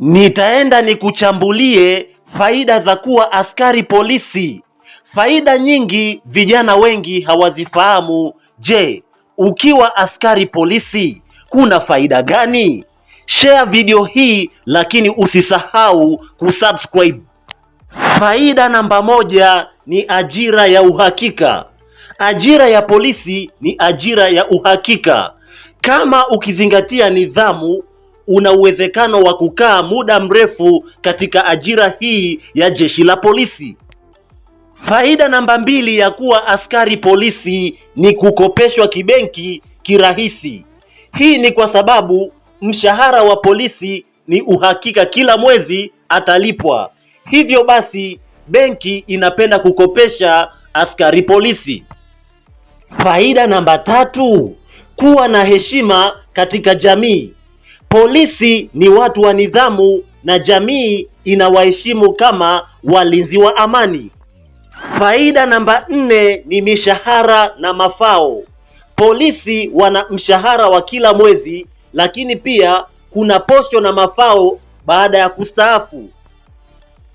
Nitaenda nikuchambulie faida za kuwa askari polisi. Faida nyingi vijana wengi hawazifahamu. Je, ukiwa askari polisi kuna faida gani? Share video hii lakini usisahau kusubscribe. Faida namba moja ni ajira ya uhakika. Ajira ya polisi ni ajira ya uhakika kama ukizingatia nidhamu una uwezekano wa kukaa muda mrefu katika ajira hii ya jeshi la polisi. Faida namba mbili ya kuwa askari polisi ni kukopeshwa kibenki kirahisi. Hii ni kwa sababu mshahara wa polisi ni uhakika, kila mwezi atalipwa. Hivyo basi benki inapenda kukopesha askari polisi. Faida namba tatu, kuwa na heshima katika jamii. Polisi ni watu wa nidhamu na jamii inawaheshimu kama walinzi wa amani. Faida namba nne ni mishahara na mafao. Polisi wana mshahara wa kila mwezi, lakini pia kuna posho na mafao baada ya kustaafu.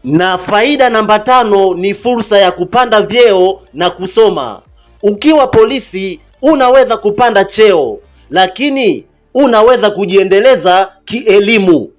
Na faida namba tano ni fursa ya kupanda vyeo na kusoma. Ukiwa polisi unaweza kupanda cheo, lakini unaweza kujiendeleza kielimu.